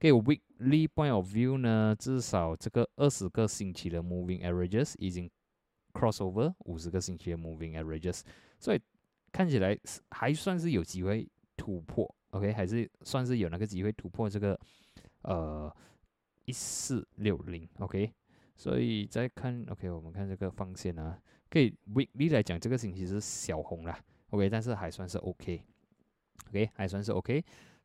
喺 weekly point of view 呢，至少這個二十個星期的 moving averages 已經 crossover 五十個星期的 moving averages，所以看起來還算是有機會突破。OK，還是算是有那個機會突破這個，呃，一四六零。OK，所以再看，OK，我們看這個放線啊，喺 weekly 來講，這個星期是小紅啦。OK，但是還算是 OK，OK，還算是 OK。